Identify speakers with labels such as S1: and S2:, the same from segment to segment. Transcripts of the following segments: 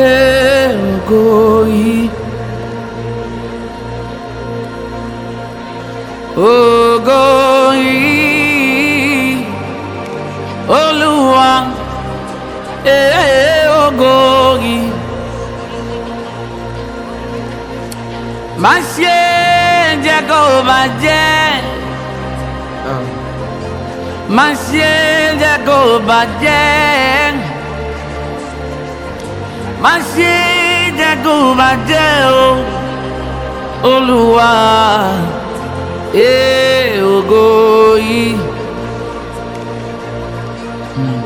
S1: কেউ কই ও গই Olúwa eh ògo yìí má ṣe jẹ́ bàjẹ́ má ṣe bàjẹ́. mas se derruba deu o luar e o goi hmm.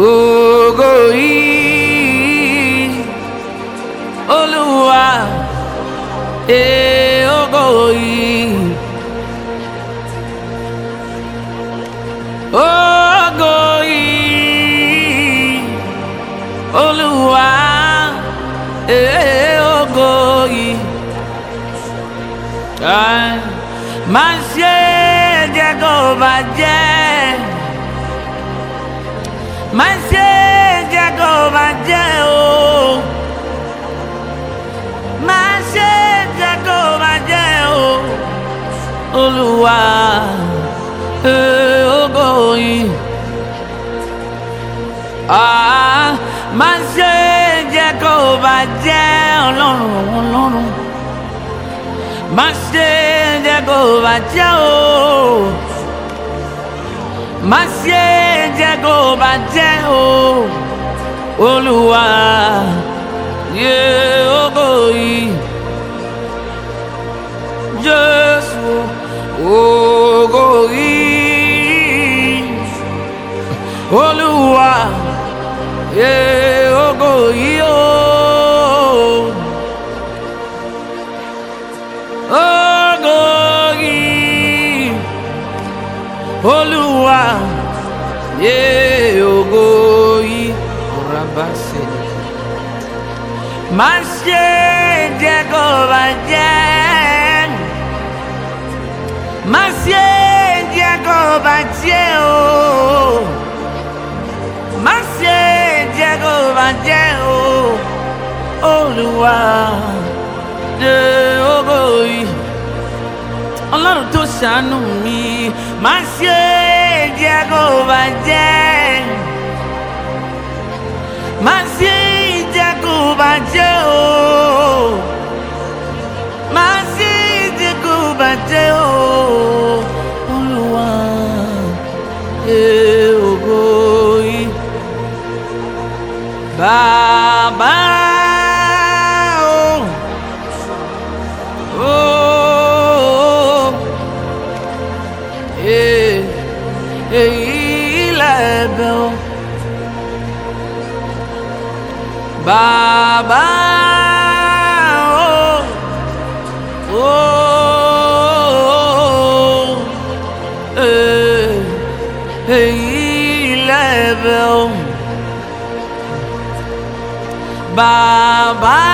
S1: o goi wa ogoyin má ṣe jẹ́ kó bàjẹ́ ọlọ́run ọlọ́run má ṣe jẹ́ kó bàjẹ́ o má ṣe jẹ́ kó bàjẹ́ o olúwa. Yeah. yé ògo yìí ọ̀rá bá ṣe. má ṣe jẹ́ kó bàjẹ́ má ṣe jẹ́ kó bàjẹ́ o má ṣe jẹ́ o Olúwa dé ògo ọlọ́run tó ṣàánú mi má ṣe jẹ́ kó bàjẹ́ má ṣe jẹ́ kó bàjẹ́ o má ṣe jẹ́ kó bàjẹ́ o olúwa ee ògo yìí bá. bàbá oh oh èyí hey o bàbá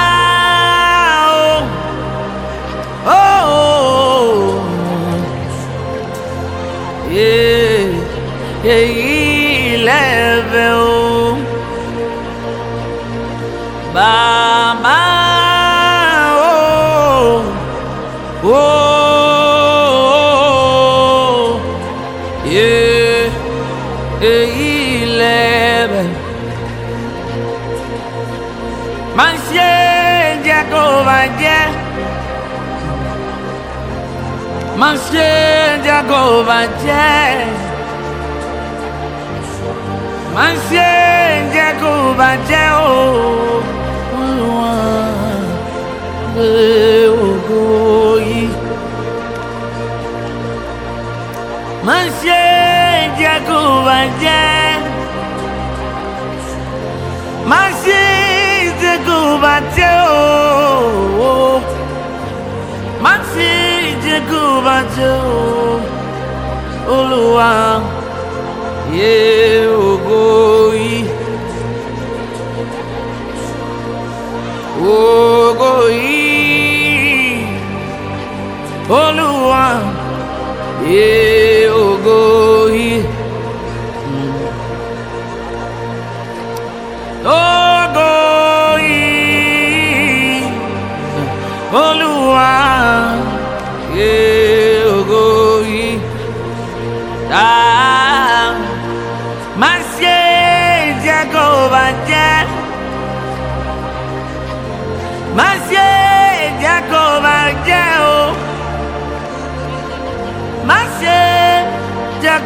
S1: oh oh yeah, lẹ́bẹ̀ o. siège à Gobatien. Mon siège à Gobatien. Mon siège à Gobatien. olùbàjẹ́ olúwa yé ògo yìí olúwa yé.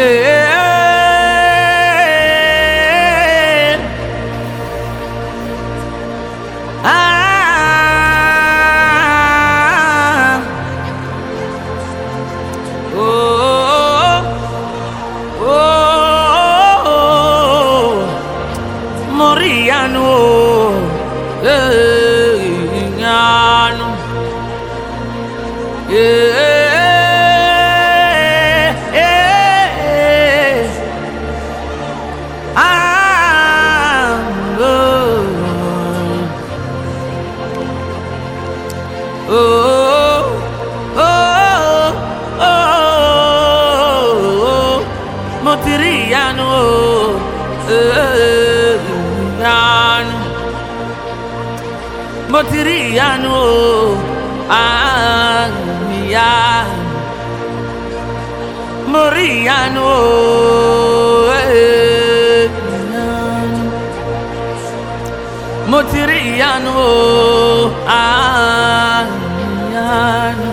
S1: oh, oh, oh, yeah. Tiriano Amia Moriano eh. Motiriano Amiano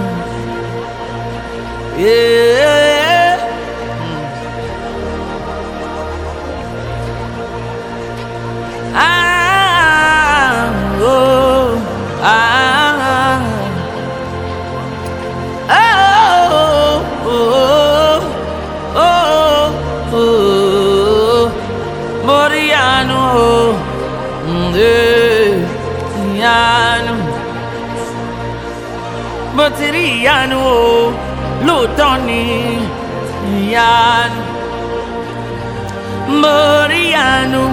S1: Yeah rí ìyanu o lóòótọ́ ni ìyanu mo rí ìyanu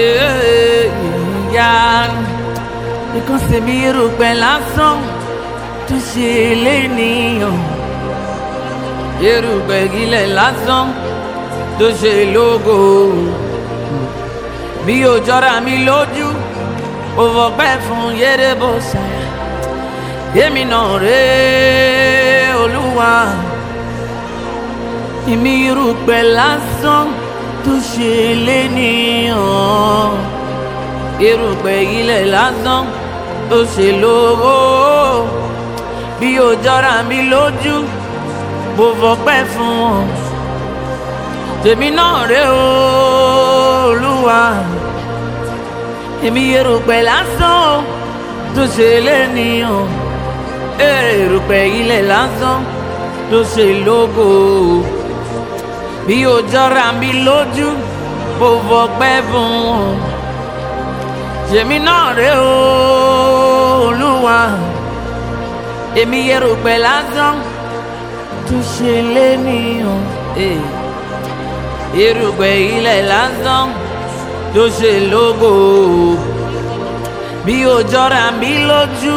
S1: ìyanu nǹkan sì mí rògbẹ̀ lásán tó ṣe lénìyàn erùgbẹ̀ gilẹ̀ lásán tó ṣe lógo bí ó jọra mi lójú ó fọpẹ́ yere bosa èmi náà rè é olúwa èmi irúgbẹ́ lásán tó ṣe lénìyàn irúgbẹ́ ilẹ̀ lásán tó ṣe lówó bí ó jọra mi lójú bó fọpẹ́ fún wọn tèmi náà rè é olúwa èmi irúgbẹ́ lásán tó ṣe lénìyàn erùpẹ̀ ilẹ̀ lásán ló ṣe lógo bí ó jọra mi lójú mo fọpẹ́ fún wọn ṣèmi náà rè ó olúwa èmi erùpẹ̀ lásán tó ṣe lénìyàn eh. erùpẹ̀ ilẹ̀ lásán tó ṣe lógo bí ó jọra mi loju.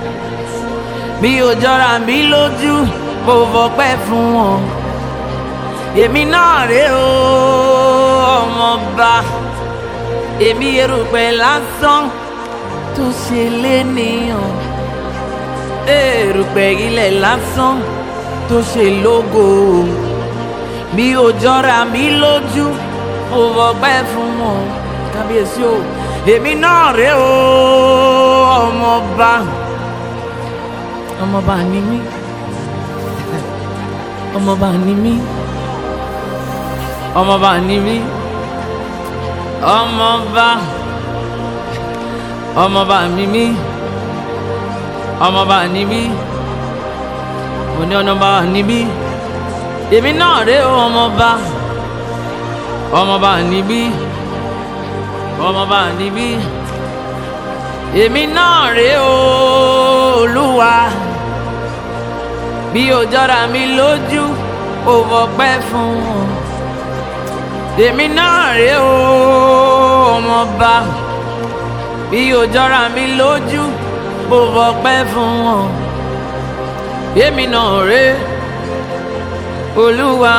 S1: bí ó jọra mi lójú mo fọpẹ́ fún wọn èmi náà rèé o ọmọọba èmi erùpẹ̀ lásán tó ṣe lénìyàn erùpẹ̀ ilẹ̀ lásán tó ṣe lógo bí ó jọra mi lójú mo fọpẹ́ fún wọn kábíyèsí o èmi náà rèé o ọmọọba ọmọọba ni mí ọmọọba ni mí ọmọọba ni mí ọmọọba ọmọọba ni mí ọmọọba ni mí òní ọmọọba ni mí èmi náà rè ọmọọba ọmọọba ni mí ọmọọba ni mí èmi náà rè olúwa bí ó mi lójú ò fọpẹ́ fún un èmi náà rèé o ọmọọba bí ó jọra mi lójú ò fọpẹ́ fún un èmi náà rèé olúwa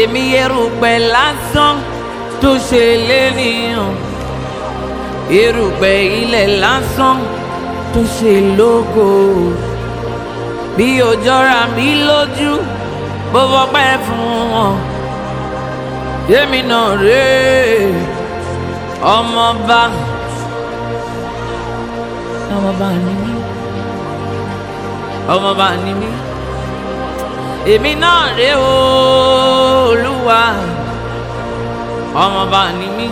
S1: èmi erùpẹ̀ lásán tó ṣe lẹ́nìyàn erùpẹ̀ ilẹ̀ lásán tó ṣe lógo bí òjọra mi lójú bó fọpẹ́ fún wọn yémi náà rèé ọmọọba ọmọọba ni mí ọmọọba ni mí èmi náà rèé o olúwa ọmọọba ni mí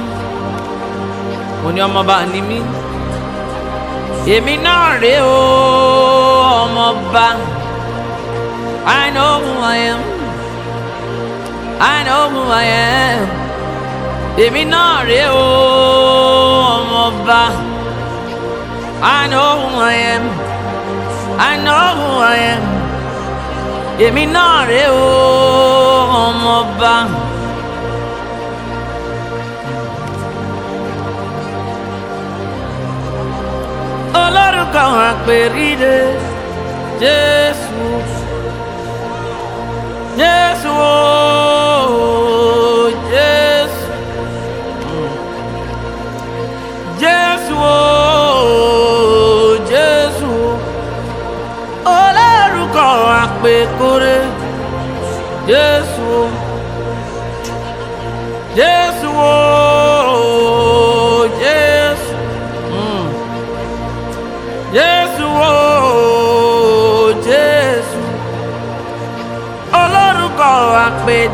S1: mo ní ọmọọba ni mí èmi náà rèé o. warm I know who I am. I know who I am. Èmi náà rè o ọmọọba. I know who I am. I know who I am. Èmi náà rè o ọmọọba. olórúkọ àpèrire. Jesus, Jesus.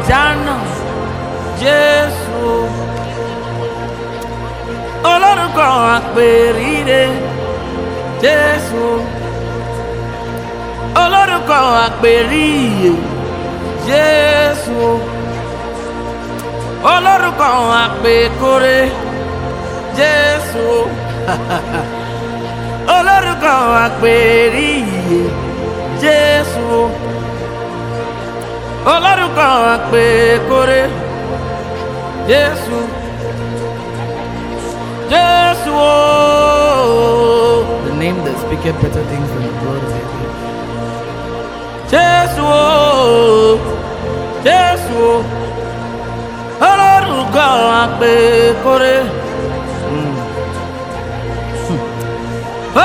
S1: dáná Jésù Ọlọ́run kan àpèrire Jésù Ọlọ́run kan àpèrìyè Jésù Ọlọ́run kan àpèkórè Jésù Ọlọ́run ọlọ́run kan àpè kórè jésù jésù ooo. the name that speaks better things than the blood of Abel. jésù ooo jésù ooo ọlọ́run kan àpè kórè. Hmm.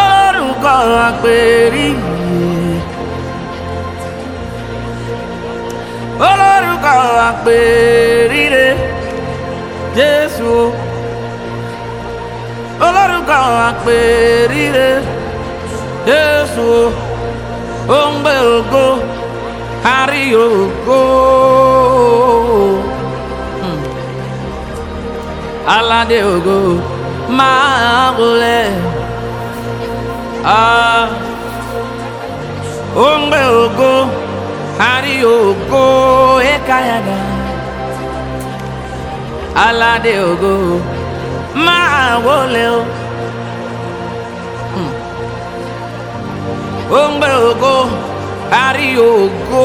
S1: ọlọ́run kan àpè rí yìí. olórúkọ àpèrire olórúkọ Ah, Hario go ekayada Alade ogo ma wole o hmm. Ombe ogo Hario go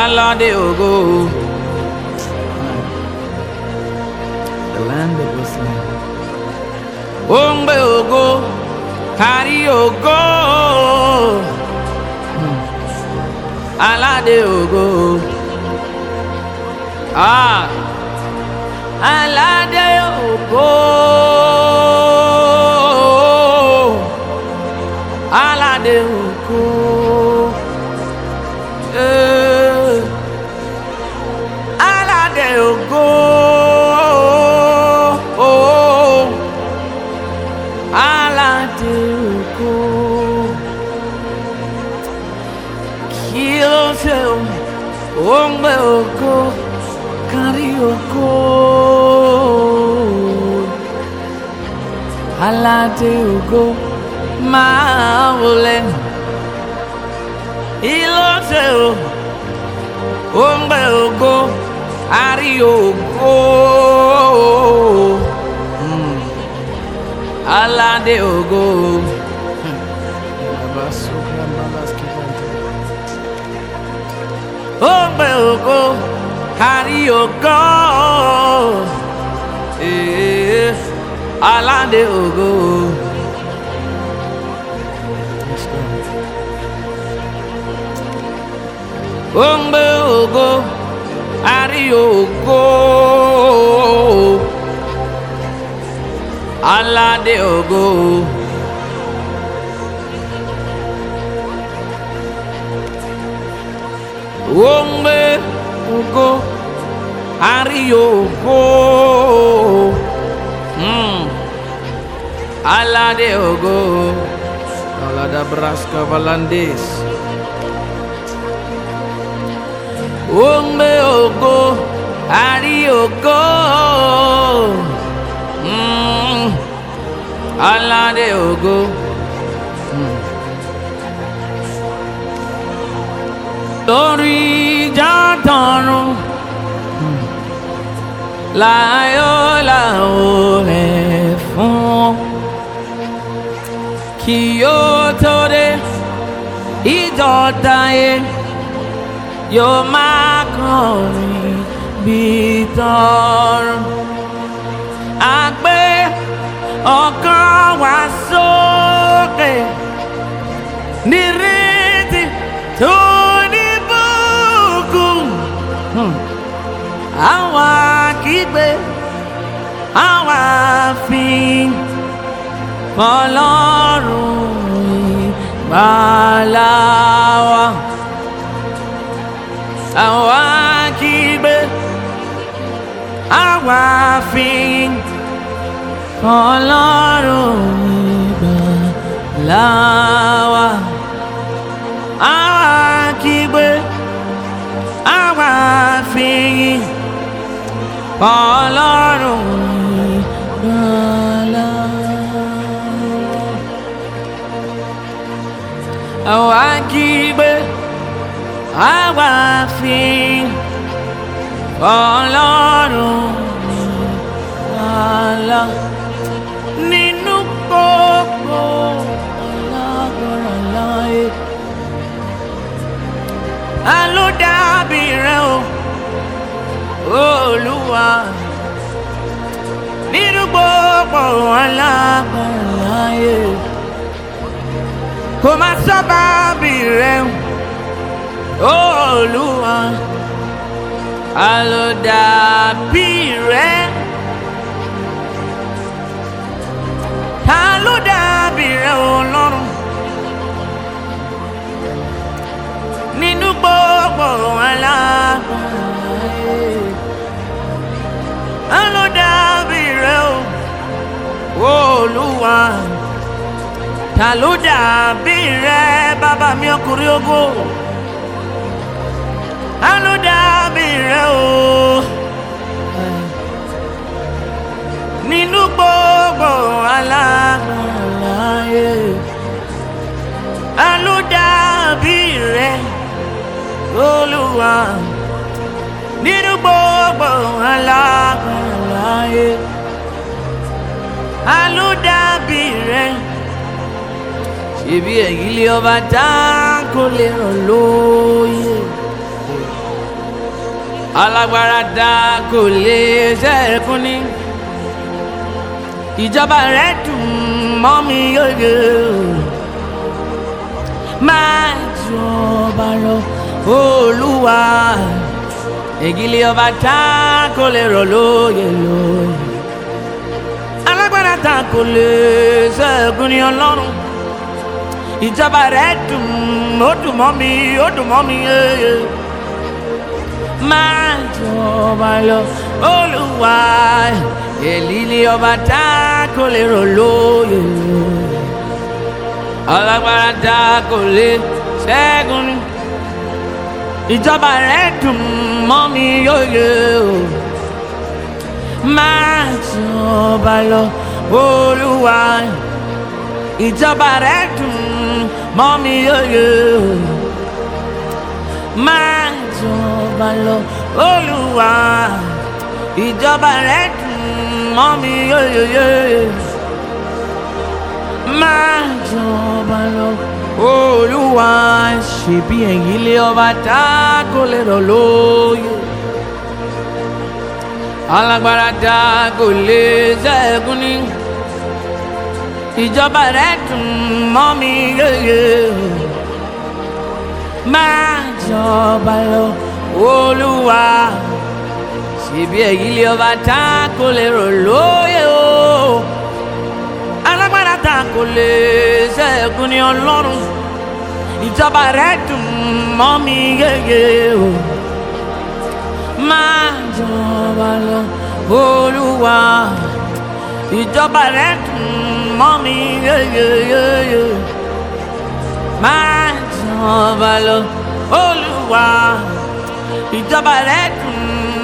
S1: Alade ogo The land of Islam Ombe ogo kárí ògo aládé ògo ah. aládé ògo. I do go marveling. Ilote o, ombe ogo, ari ogo. Alade ogo. Ombe ogo, ari ogo. Alande Ogo. Ombe Ogo, Ari Ogo. Alande Ogo. Ombe Ogo, Ari Ogo. Mm alade ogo alada braska valandis ombe ogo ari ogo mm. alade ogo mm. lórí ìjà tọrùn láyọ̀ làwọn. Kyoto de Idodaye Yo makori bitor Agbe ọkàn wa sókè nírètí tó nibuku àwa kipe àwa fìyìn. قلاري بلاوة أواكب أوافين قلاري بلاوة أواكب أوافين قلاري how I give, how I feel. Oh Lord, Ala, nínú gbogbo alágbára láyé. Alo dàbí o, Olúwa, nínú gbogbo alágbára láyé. kó má sábà bìrẹ̀ olúwa alódàbí rẹ̀ alódàbí rẹ̀ ọlọ́run nínú gbogbo aláàbọ̀ alódàbí rẹ̀ olúwa ta ló dàbí rẹ bàbá mi ọkùnrin ogo ta ló dàbí rẹ o nínú gbogbo aláàlàyé ta ló dàbí rẹ olúwa nínú gbogbo aláàlàyé ta ló dàbí rẹ ṣèbí ẹ̀yìn lé ọba dáńkò lè ràn lóyè alágbára dáńkò lè ṣe ẹ̀kún ní ìjọba rẹ̀ dùn mọ́ mi yóyè máa jọba lọ olúwa ègìlì ọba dáńkò lè ràn lóyè lóyè alágbára dáńkò lè ṣe ẹ̀kún ní ọlọ́run ìjọba rẹ̀ dùn ó dùn mọ́ mi ó dùn mọ́ mi yéye eh, eh. máa jọba lọ olúwa èlì ni ọba tá kò lè rò lóye ọlọ́gbára tá kò lè ṣẹ́gun ìjọba rẹ̀ dùn mọ́ mi yóye o máa jọba lọ olúwa ìjọba rẹ̀ dùn mọ́ mi yóyó máa jọba lọ olúwa ìjọba rẹ̀ dùn mọ́ mi yóyó máa jọba lọ olúwa ṣèbí ẹ̀yìn lé ọba tá a kò lè rọ̀ lóyè alágbára tá a kò lè ṣẹ́gun ní ìjọba rẹ dùn mọ́ mi yóyè máa jọba lọ olúwa ṣèbí èyí lé ọba tá kò lè rò lóyè o alágbára tá kò lè ṣẹ́gun ní ọlọ́run ìjọba rẹ dùn mọ́ mi yóyè o máa jọba lọ olúwa ìjọba rẹ dùn. money. Yeah, yeah, yeah, yeah. Máa jọba lọ, Olúwa, ìjọba rẹ̀ dùn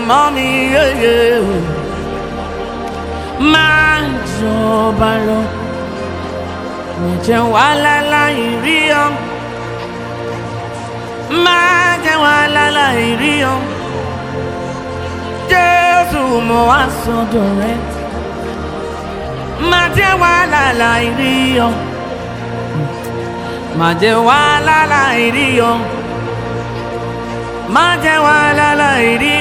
S1: mọ́ mi. Yeah, yeah. Máa jọba lọ, má jẹ́ wàhálà láì rí ọ. Máa jẹ́ wàhálà láì rí ọ. Jésù mo wá sọ́dọ̀ rẹ̀. má jẹ́ wàhálà láì rí ọ má jẹ́ wàhálà láì rí ọ má jẹ́ wàhálà láì rí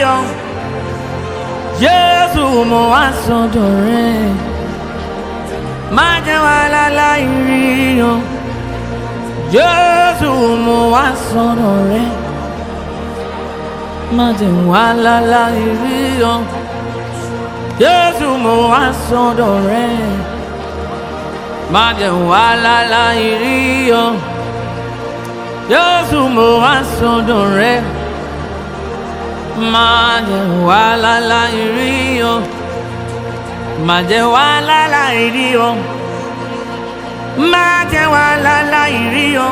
S1: Jésù mo wá sọ́dọ̀ rẹ má jẹ́ wàhálà láì rí Jésù mo wá sọ́dọ̀ rẹ má jẹ́ wàhálà láì rí Jésù mo wá sọ́dọ̀ rẹ má jẹ́ wá láláì rí ọ Jésù mo wá sọ́dọ̀ rẹ má jẹ́ wá láláì rí ọ má jẹ́ wá láláì rí ọ má jẹ́ wá láláì rí ọ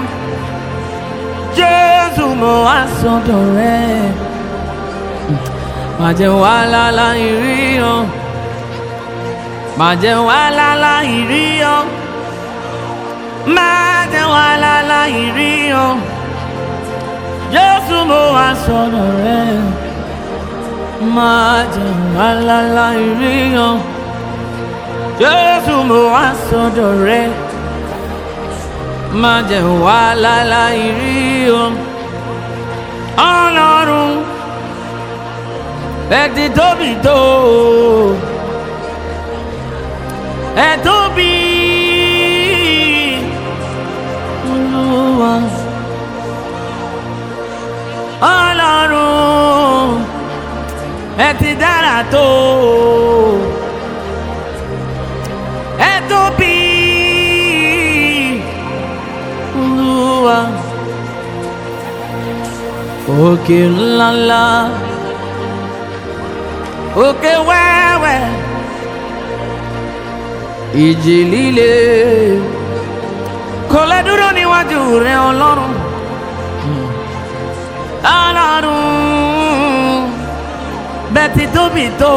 S1: Jésù mo wá sọ́dọ̀ rẹ má jẹ́ wàhálà láì rí ọ má jẹ́ wàhálà láì rí ọ má jẹ́ wàhálà láì rí ọ Jésù mo wá sọ̀rọ̀ rẹ má jẹ́ wàhálà láì rí Jésù mo wá sọ̀rọ̀ rẹ má jẹ́ wàhálà láì rí Ọlọ́run. ẹ̀dín tóbi tó ẹ̀ tóbi olúwa ọlọ́run ẹ̀ ti dára tó ẹ̀ tóbi olúwa òkè ńláńlá. òkè wẹ́wẹ́ ìjì líle kò lè dúró níwájú rẹ ọlọ́run ọlọ́run bẹ́ẹ̀ ti tóbi tó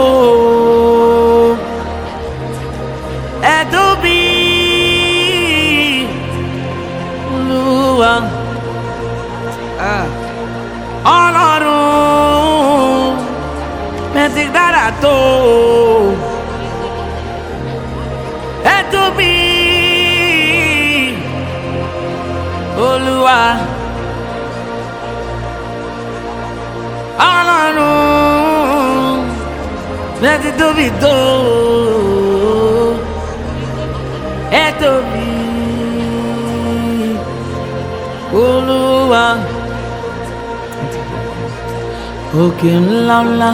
S1: òkè ńlá ńlá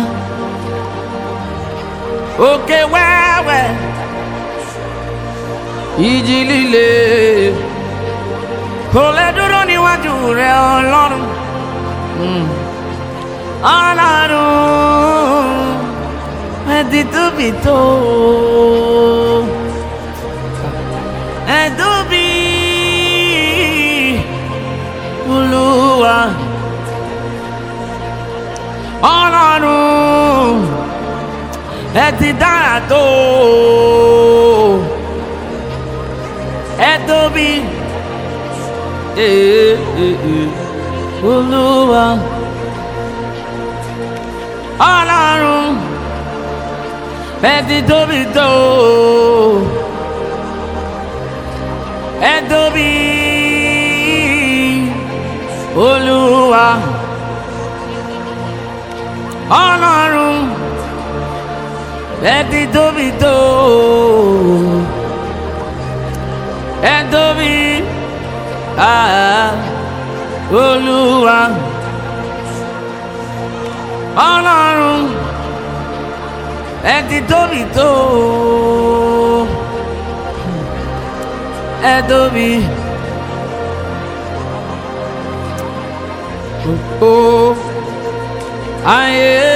S1: òkè wa. ìjì líle kò lè dúró níwájú rẹ ọlọ́run ọlọ́run hmm. ẹ̀dí tóbi tó o. é de danador, é domingo, é, é, é, o lua, Ọlọ́run é de domingo, é domingo, o lua, Ọlọ́run é de duvidou, é dormir, ah, olua, Ọlọ́run é de duvidou, é dormir. Oh, oh, aye.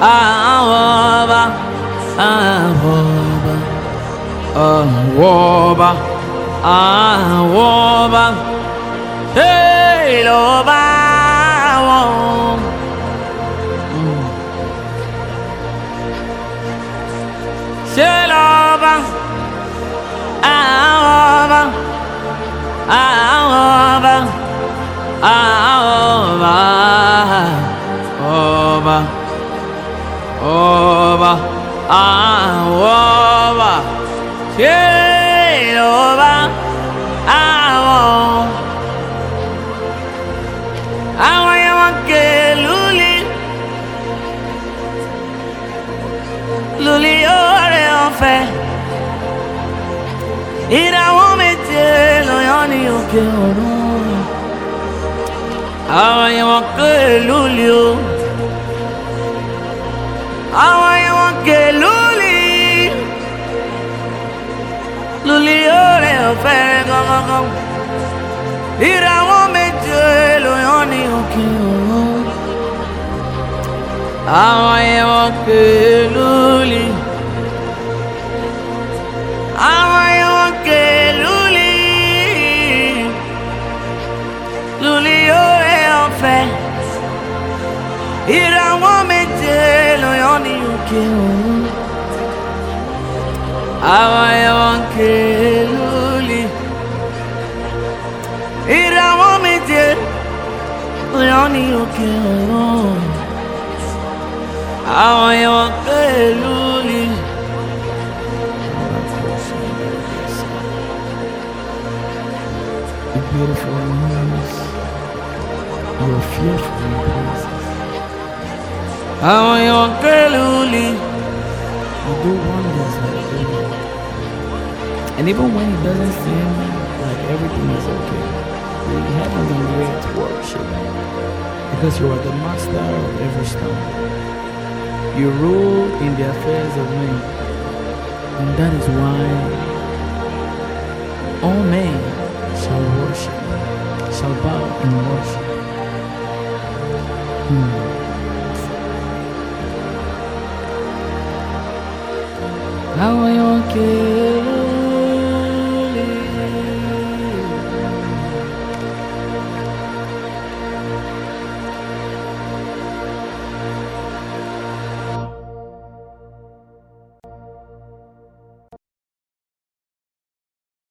S1: Ahoba, Ahoba, Ahoba, Ahoba, Hey, Loba. Sheloba, Ahoba, Ahoba, Ahoba, Ahoba over, ah, over, yeah, over, ah, over. Àwọn ẹ̀wọ̀n ké lulí, lulí oore ọ̀fẹ́. Ìdáwó méje lóyún ní òkè ọ̀run. Àwọn ẹ̀wọ̀n ké lulí Awa are you okay, Luli? Luli, ore ofere gongongon. Ira won meje lo yoni okin o. How are you okay, Luli? you moments, your fearful presence. How are your girl Uli? do wonders like And even when it doesn't seem like everything is okay, it happens in to worship. Because you are the master of every stone. You rule in the affairs of men. And that is why all men shall worship, shall bow and
S2: worship. Hmm. how I you give.